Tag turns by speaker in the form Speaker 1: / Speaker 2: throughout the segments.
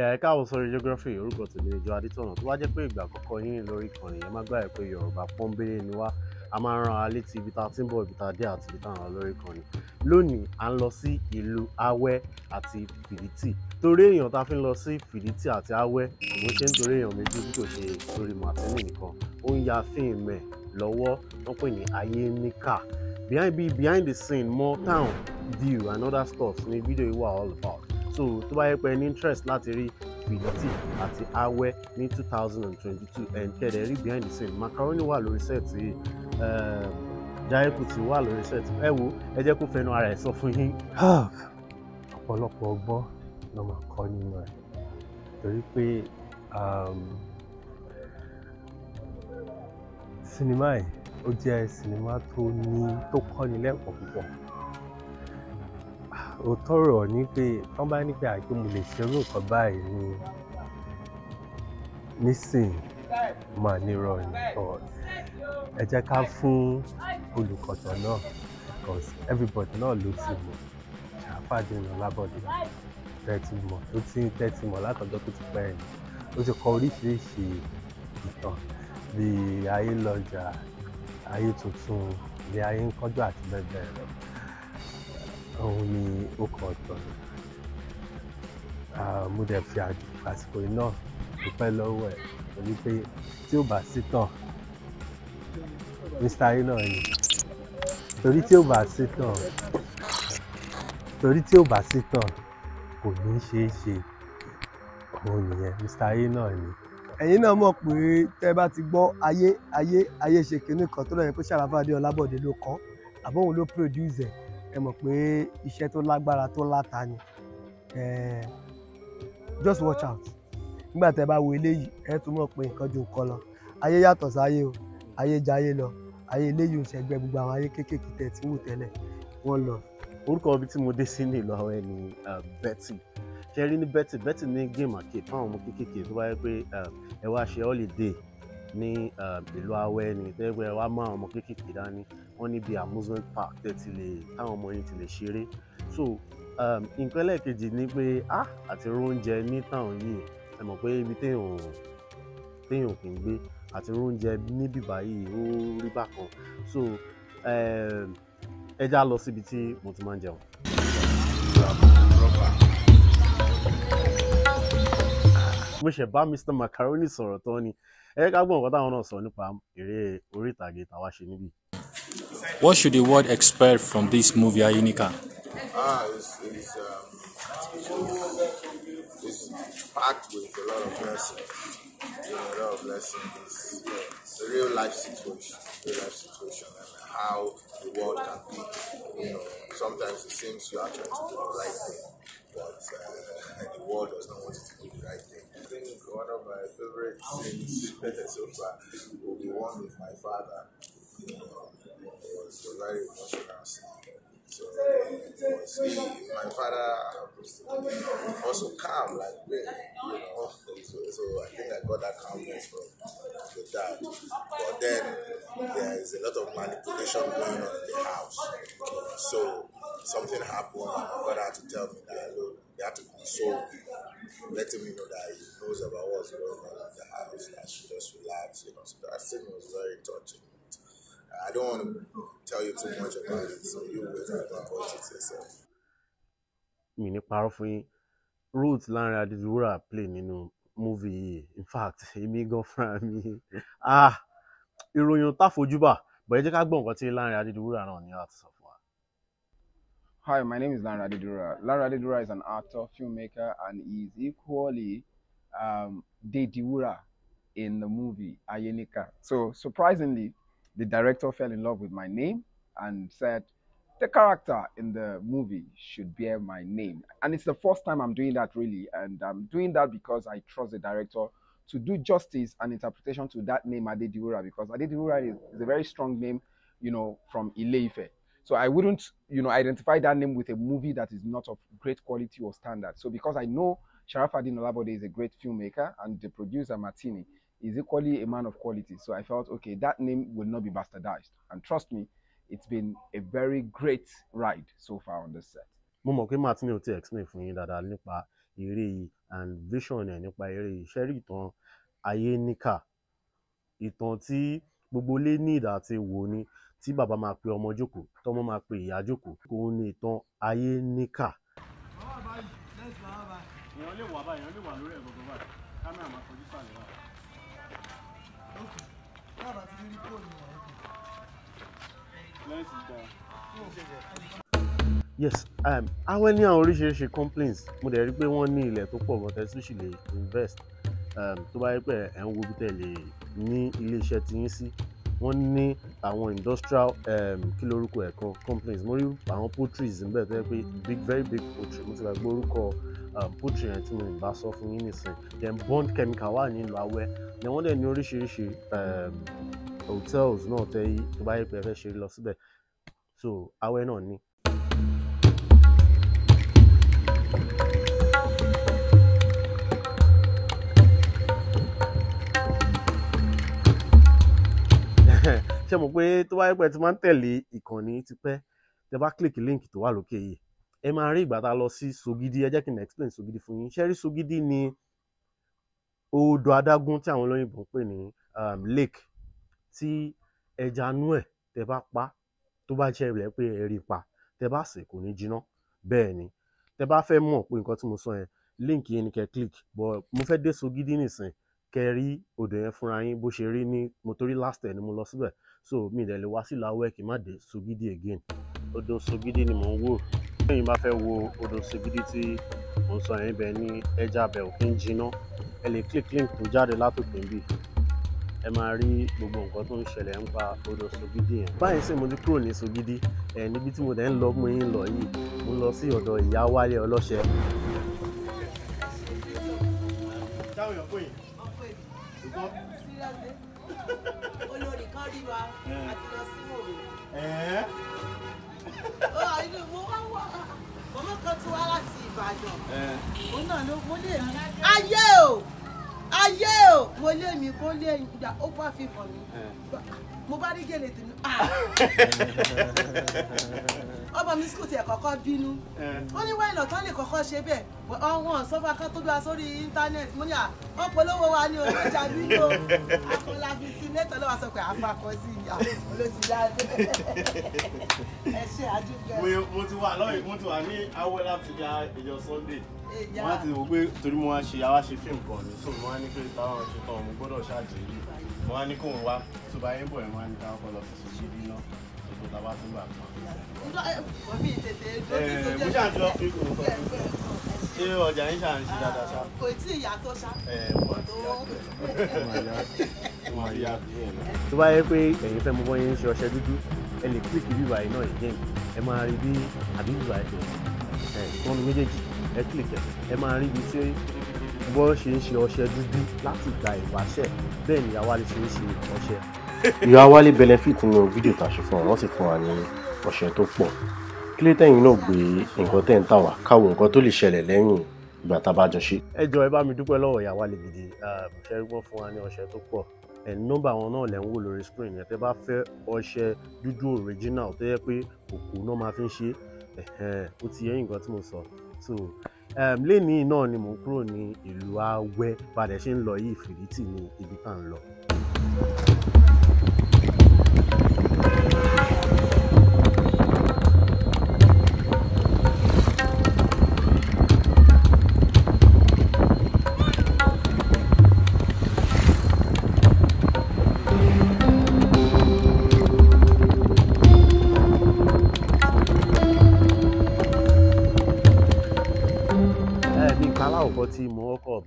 Speaker 1: yàrá káwọn sọ̀rọ̀ geography orúkọ tèmi ni Joe Adétọ̀nà tó wá jẹ́ pé ìgbà àkọ́kọ́ yín lórí ìkànnì yẹn má gbàgbé pé Yorùbá pọ́nbélé ni wá a máa ń ran alé ti ibi tá a ti ń bọ̀ ibi tá a dé àti ibi tá a ràn lórí ìkànnì lónìí à ń lọ sí ìlú Awẹ́ àti Fìdítì torí èèyàn tá a fi ń lọ sí Fìdítì àti Awẹ́ òun ṣe ń torí èèyàn méjì bí kò ṣe torí Martini nìkan ó ń ya fíìmù lọ́wọ́ wọ́n pè ní ayé níkà behind the scene more town view and other stuff ni fídíò yìí wà all about so tó bá yẹ pé ní interest láti rí finiti àti awẹ ní two thousand and twenty two and kẹ̀dẹ̀ rí behind the scene macaroni wà lórí set yìí eh, Jaiye Kuti wà lórí set ẹ wo ẹ jẹ́ kó fẹnu ara ẹ̀ sọ fún yín. Ah! ọ̀pọ̀lọpọ̀ ọgbọ́n ló máa kọ́ nínú ẹ̀ torí pé um,
Speaker 2: sinimá yìí ó jẹ́ sinimá tó ní tó kọ́ni lẹ́kọ̀ọ́ púpọ̀ òótọ́ rọ̀ ni pé wọ́n bá ní pé àjọ mo lè ṣe irú nǹkan báyìí ní nísìnyí mà nírọ̀ nìkan ẹ jẹ́ ká fún olùkọ̀tọ̀ náà because everybody náà ló ti mọ̀ ṣàfàdé ní ọlábọ̀dé tẹ́tí mọ̀ tó ti ń tẹ́tí mọ̀ látọjọ́ tó ti pẹ́ ẹ̀yìn ó ti kọ oríṣiríṣi ìtàn bíi ayé lọ́jà ayé tuntun bíi ayé ń kọ́jú àti bẹ́ẹ̀ bẹ́ẹ̀ lọ òun ni ó kọ ọ̀tọ̀ mi mo dẹ̀ fi àsìkò yìí náà dúpẹ́ lọ́wọ́ ẹ̀ torí pé tí ò bá sí tàn mr ayé náà ni torí tí ò bá sí tàn torí tí ò bá sí tàn kò ní í ṣeé ṣe òun nìyẹn mr ayé náà ni. ẹ̀yin náà mọ̀ pé tẹ́ bá ti gbọ́ ayé ayé ayé ṣe kinní kan tó lọ́yẹ̀ pé Sharaf Adéọlábọ̀dé ló kọ àbóhun ló produce ẹ̀ ẹ mọ̀ pé iṣẹ́ tó lágbára tó láta ni eh, just watch out nígbà tẹ bá wo eléyìí ẹ tún mọ̀ pé nǹkan ju nǹkan lọ ayé yàtọ̀ sáyé o ayé jayé lọ ayé eléyìí ò ṣẹgbẹ́ gbogbo àwọn ayé kéékèèké tẹ̀ tí wò tẹ́lẹ̀ wọ́n lọ.
Speaker 1: orúkọ ibi tí mo dé sí nílò àwọn ẹni eh, Betty ṣe rí ní Betty Betty ní géèmù àkè fáwọn ọmọ kéékèèké tó bá yẹ pé eh, ẹ wá ṣe holiday ní ehm, ìlú awẹ́ ni tẹ́gbẹ́ wa mú àwọn ọmọ kéékèèké dání wọ́n ní bíi amusement park tẹ́tí lè táwọn ọmọ yẹn ti lè ṣeré so ehm, nǹkan ẹlẹ́ẹ̀kejì ni pé ah àti oúnjẹ ní táwọn yìí ẹ mọ̀ pé ibi téèyàn téèyàn kì í gbé àti oúnjẹ níbí báyìí ó rí bákan so ehm, ẹ lọ síbi tí mo ti máa ń jẹun. mo ṣe bá Mr Macaroni sọ̀rọ̀ tán ni ẹ ká gbọ́n nǹkan táwọn náà sọ nípa eré orí ìtàgé tàwa ṣe níbí.
Speaker 2: What should the world expect from this movie Ayinika? Ah, it's, um,
Speaker 3: it's, packed with a lot of lessons. a lot of lessons. It's a real life situation, real life situation, and how the world can be. You know, sometimes it seems you are trying to do the right thing, but uh, the world does not want you to do the right thing. think one of my favorite things so far will be one with my father. You know, it was a very emotional scene. So my father um, also calm like me, you know. So, so, I think I got that calmness from the dad. But then there is a lot of manipulation going on in the house. So something happened and my father had to tell me that look, They the article. So letting me know that he knows about what's going on in the house, that she just relax, you know. So that scene was very touching. I don't want to tell you too much about it, so you wait and go watch it yourself.
Speaker 1: mi powerful parọ́ fún yín Ruth Lanre Adédiwúrà play nínú movie yìí in fact èmi gan fúnra mi ah ìròyìn tá fojú bà bọ̀ ẹ jẹ́ ká gbọ́ nǹkan tí Lanre Adédiwúrà náà ní láti sọ. Hi, my name is Lara Didura. Lara Didura is an actor, filmmaker, and is equally um, in the movie Ayenika. So, surprisingly, the director fell in love with my name and said, the character in the movie should bear my name. And it's the first time I'm doing that, really. And I'm doing that because I trust the director to do justice and interpretation to that name, Adediwura, because Adediwura is, is a very strong name, you know, from Ileife. So I wouldn't, you know, identify that name with a movie that is not of great quality or standard. So because I know Sharafadin Olabode is a great filmmaker and the producer Martini is equally a man of quality. So I felt, okay, that name will not be bastardized. And trust me, it's been a very great ride so far on this set. mo mọ̀ pé Martini ò ti explain fún yín dáadáa nípa eré yìí and vision ẹ̀ nípa eré yìí ṣẹ́rí ìtàn ayé níkà ìtàn tí gbogbo lé ní ìdá àti wò ni tí bàbá máa pe ọmọ jókòó tọ́mọ máa pe ìyá jókòó òun ni ìtàn ayé níkà. èèyàn lè wà yes um, awẹ́ ní àwọn oríṣiríṣi complaints mo dẹ̀ rí pé wọ́n ní ilẹ̀ tó pọ̀ gan-an sì lè invest um, tó bá yẹ pé ẹ̀ ń wo bí tẹ̀ lè ní iléeṣẹ́ tiyín sí wọ́n ní àwọn industrial um, kí lorúkọ ẹ̀ kan companies mo rí àwọn poultries níbẹ̀ tó yẹ pé big very big poultry mo ti gbà gbé orúkọ poultry yẹn tí mo bá sọ fún yín nìsín then bond chemical wà nílùú awẹ́ ni wọ́n dẹ̀ ní oríṣiríṣi hotels náà tẹ́ yí tó bá yẹ pé ẹ fẹ́ ṣe lọ síbẹ̀ so awẹ́ náà ní ṣe mọ̀ pé tó bá yẹ pé ti máa ń tẹ̀lé ìkànnì tipẹ́ tẹ bá click link tó wà lókè yìí ẹ máa rí ìgbà tá a lọ sí Sogidi ẹ jẹ́ kí n explain Sogidi fún yín ṣe rí Sogidi ni odò adágún tí àwọn olóyìnbó ń pè ní um, lake tí ẹja nú ẹ̀ tẹ bá pa tó bá jẹ́ rẹ̀ pé ẹ rí pa tẹ bá sè kò ní jiná bẹ́ẹ̀ ni tẹ bá fẹ́ mọ̀ pé nǹkan tí mo sọ yẹn link yẹn ni kẹ́ click bọ̀ mo fẹ́ dé Sogidi nìsín kẹ́ rí odò yẹn fúnra yín bó ṣe rí ní mo torí last ẹ̀ ni mo lọ síbẹ̀ so mi ìdẹ̀ lè wá sílùú Awẹ́ kí n má dé Sogidi again odò Sogidi ni mò ń wò lẹ́yìn bá fẹ́ wo odò Sogidi tí mò ń sọ yẹn ibẹ̀ ní ẹja abẹ òkè ń jiná ẹ lè click link tó jáde látòkè ń bì ẹ máa rí gbogbo nǹkan tó ń ṣẹlẹ̀ ń pa odò Sogidi yẹn. báyìí sì mo ti kúrò ní Sogidi ẹ níbi tí mo dẹ̀ ń lọ mo ń lọ yìí mo lọ sí ọ̀dọ̀ ìyá Wálé ọlọ́ṣẹ. táwọn èèyàn
Speaker 4: pè bí mo bá rí gèlè tèmi. Ah. ọmọ mi school tiẹ̀ kọ́kọ́ bínú ó ní wáyé lọ́tọ́ lè kọ́kọ́ ṣe bẹ́ẹ̀ ọ̀hún sọ́fà kan tó gbà sórí íńtánẹ́ẹ̀tì mo ní à wọ́n polówó wa ní owó ìjà bínú akọ́lá fi sí lẹ́tọ̀ lọ́wọ́ sọ pé àfàkọ́ sí ìyá olóṣìlá ẹ ṣe àdúgbò.
Speaker 1: mo ti wà lọ́yìn mo ti wà ní awọ́lá ti da ìjọ Sunday wọ́n ti wò pé torí mo wá ṣe àwa ṣe fíìmù kan ní so mo wá ní pé táwọn ṣe tán mo gbọ́dọ̀ ṣáàjì yìí mo wá ní kóun wá tó bá yín bọ̀ ẹ̀ mo wá ní káwọn kọ́ lọ sí ṣíṣí bí náà làwa tó bá yẹ pé ẹ̀yin fẹ́ mọ bọ́ yẹn ń ṣe ọṣẹ dúdú ẹ lè kílìkì bíbà yìí náà again ẹ máa rí bí àbí bíbà yìí ẹ tọ́nu méjèèjì ẹ kílìkì ẹ máa rí ibi tí bọ́ ṣe ń ṣe ọṣẹ dúdú láti gba ìwáṣẹ̀ bẹ́ẹ̀ ni àwa lè ṣe ń ṣe ọṣẹ ìyá wálé benefit nínú fídíò tá a ṣe fún wa wọ́n sì fún wa ní ọ̀sẹ̀ tó pọ̀ kí ló tẹ̀yìn náà gbé nǹkan tẹ̀ ń tà wá káwọn nǹkan tó lè ṣẹlẹ̀ lẹ́yìn ìgbà tá a bá jọ ṣe. ẹ jọ ẹ bá mi dúpẹ́ lọ́wọ́ ìyá wálé gidi ṣẹ́rígbọ́n fún wa ní ọ̀sẹ̀ tó pọ̀ ẹ̀ nọ́mbà wọn náà lẹ́ ń wò lórí screen yẹn tẹ́ bá fẹ́ ọṣẹ dúdú original tó yẹ pé òkú náà máa fi ń ṣe ó ti yẹn nǹkan tí mo sọ so um, lẹ́nìí náà ni mò ń kúrò ní ìlú awẹ́ padà ṣe ń lọ yìí fìrìtì ní ibi tá à ń lọ.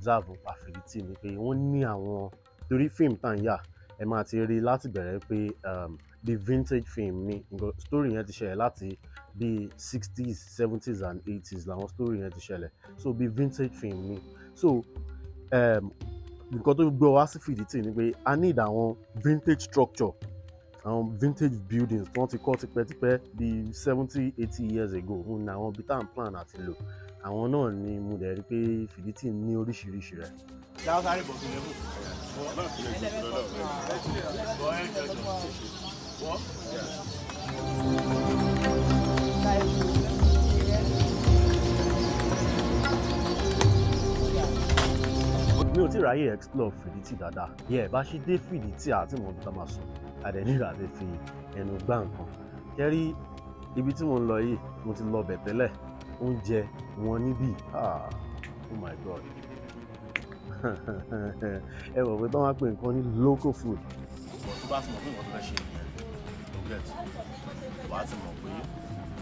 Speaker 1: observe affinity ni pé wọ́n ní àwọn torí fíìmù tá à ń yà ẹ máa ti rí láti bẹ̀rẹ̀ pé um, the vintage film ni story yẹn ti ṣẹlẹ̀ láti bíi sixties seventies and eighties làwọn story yẹn ti ṣẹlẹ̀ so bíi vintage film ni so um, nǹkan tó gbé wá sí fìdítì ni pé a need àwọn vintage structure àwọn vintage buildings tí wọ́n ti kọ́ tipẹ́tipẹ́ bíi seventy eighty years ago òun ni àwọn bí tá à ń plan àti lò àwọn náà ni mo dẹ̀ rí pé fìdítì ní oríṣiríṣi rẹ̀. ṣé a sáré bọ̀ sí lẹ́bù? mi ò tí ráyè explore fìdítì dáadáa yẹ bá ṣe dé fìdítì àti mọ̀ọ́dún tá máa sùn àdẹ̀níra ti fi ẹnu gbá nǹkan kẹ́rí ibi tí mo ń lọ yìí mo ti lọ bẹ̀ tẹ́lẹ̀ oúnjẹ wọn níbí ah oh my god ẹ wọ̀ pé báwọn á pè nǹkan ní local food. ọ̀pọ̀ tó bá ti mọ̀ pé nǹkan tó fẹ́ ṣe nìyẹn ló gẹ̀ tí wàá ti mọ̀ pé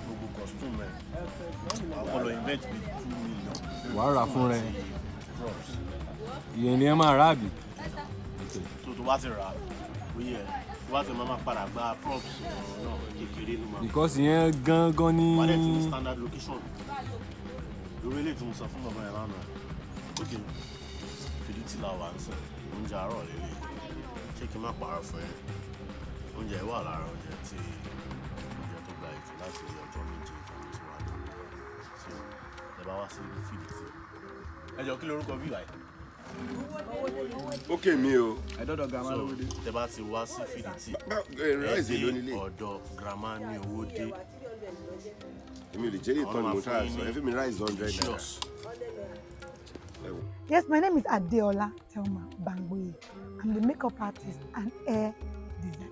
Speaker 1: gbogbo costume rẹ̀ àwọn invent bí two million. wàá rà fún rẹ
Speaker 2: ìyẹn ni ẹ máa rà bí.
Speaker 1: tó tó bá ti rà ó yẹ wá fẹ́ máa padà gba props náà kékeré ló máa. because
Speaker 2: ìyẹn gangan ni. wàlẹ̀ tí ní
Speaker 1: standard location lórí ilé tí mo sọ fún bàbá yẹn lánàá ok fìdí tí la wà ń sìn oúnjẹ àárọ̀ lélẹ̀ ṣé kí n má pààrọ̀ fún yẹn oúnjẹ yìí wà lára oúnjẹ tí oúnjẹ tó gba ìjù láti ilé ọjọ́ méje ìjọba tí wà ní ìjọba tí ẹ bá wá sí fìdí tí. ẹ jọ kí lorúkọ bí ìwà yìí ó kè mí o. ẹ̀dọ́dọ̀ gàmá ló dé. tẹ bá ti wá sí fìdítì ẹ ọ̀dọ̀ gàmá ní owó dé. èmi ò lè jẹ́rìí ìtọ́ni mo sáà sọ ẹ mi ráìsì hundred naira.
Speaker 4: Yes, my name is Adeola Thelma Bangboye. I'm the makeup artist and hair designer.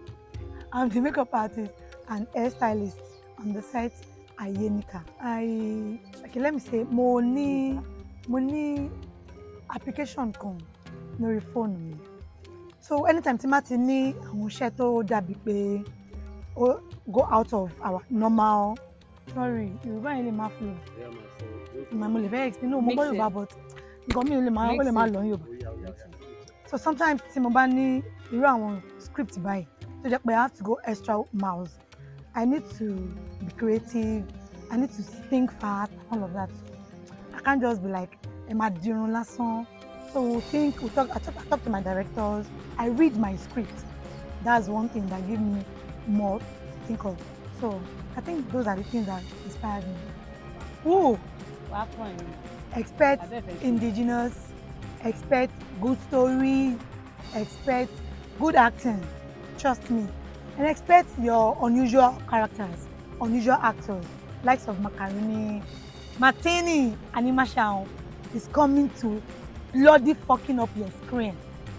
Speaker 4: I'm the makeup artist and hair stylist on the site Ayenika. I, okay, let me say, mo ní, mo ní application kan lórí fóònù mi so anytime tí má ti ní àwọn iṣẹ́ tó dàbí pé ó go out of our normal sorry yorùbá yẹn lè má fi lọ mo lè fẹ́ explain no mo gbọ́ yorùbá but nǹkan mi ò lè má ó lè má lọ yorùbá oh, oh, so sometimes tí mo bá ní irú àwọn script báyìí tó jẹ́ pé I have to go extra miles I need to be creative I need to think fast all of that I can't just be like ẹ máa dirun lásán so think we talk I talk I talk to my directors I read my script that's one thing that give me more to think of so I think those are the things that inspired me. Woo! Expect indigenous, expect good story. expect good acting, trust me, and expect your unusual characters, unusual actors, likes of Macaroni, Martini, and is coming to bloody fucking up your screen.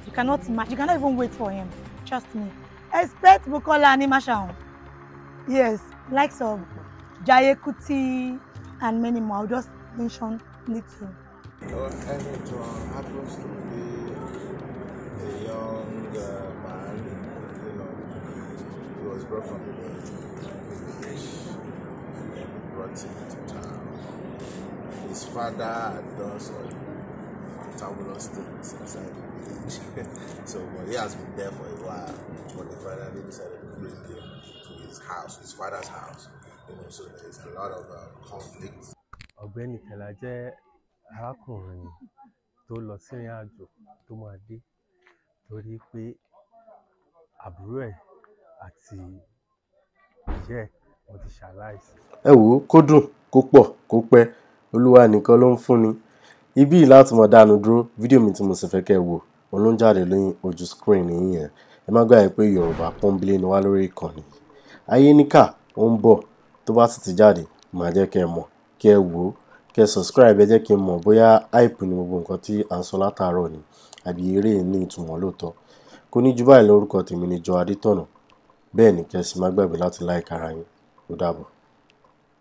Speaker 4: You cannot mm. imagine. You cannot even wait for him. Trust me. Expect Bukola animation. Yes, likes of Jaye Kuti and many more. I'll just mention little.
Speaker 3: Or happens to be a young uh, man, you know, he was brought from the village and then brought him to his father had done some fabulous things inside the village. so, but he has been there for a while. But they finally decided to bring him to his house, his father's house. You know, so there's a lot of uh, conflict.
Speaker 2: Ọ̀gbẹ́ni Kẹ̀lá jẹ́ arákùnrin tó lọ sírìn àjò tó máa dé torí pé àbúrò ẹ̀ àti ìyá ẹ̀ wọ́n ti ṣaláìsí.
Speaker 1: ẹ wò kó dùn kó pọ̀ kó pẹ́ Olúwa nìkan ló ń fúnni. Ibí yìí láti máa dánu dúró. Fídíò mi tí mo sì fẹ́ kẹ́ wò, òun ló ń jáde lórí ojú screen yín yẹn. Ẹ má gbàgbé pé Yorùbá pọ́nńbélé ni wá lórí ìkànnì yìí. Ayéníkà ó ń bọ̀, tó bá sì ti jáde, màá jẹ́ kí ẹ mọ̀, wò ó, kí subscribe, ẹ jẹ́ kí n mọ̀ bóyá hype ni gbogbo nǹkan tí à ń sọ látàárọ̀ ni àbí eré ní ìtumọ̀ lóòótọ́. Kó ní ju báyìí lọ, tèmi ni Joe Adétọ̀nà. Bẹ́ẹ̀ ni kí má gbàgbé láti like ara yín. Ó dàbọ̀.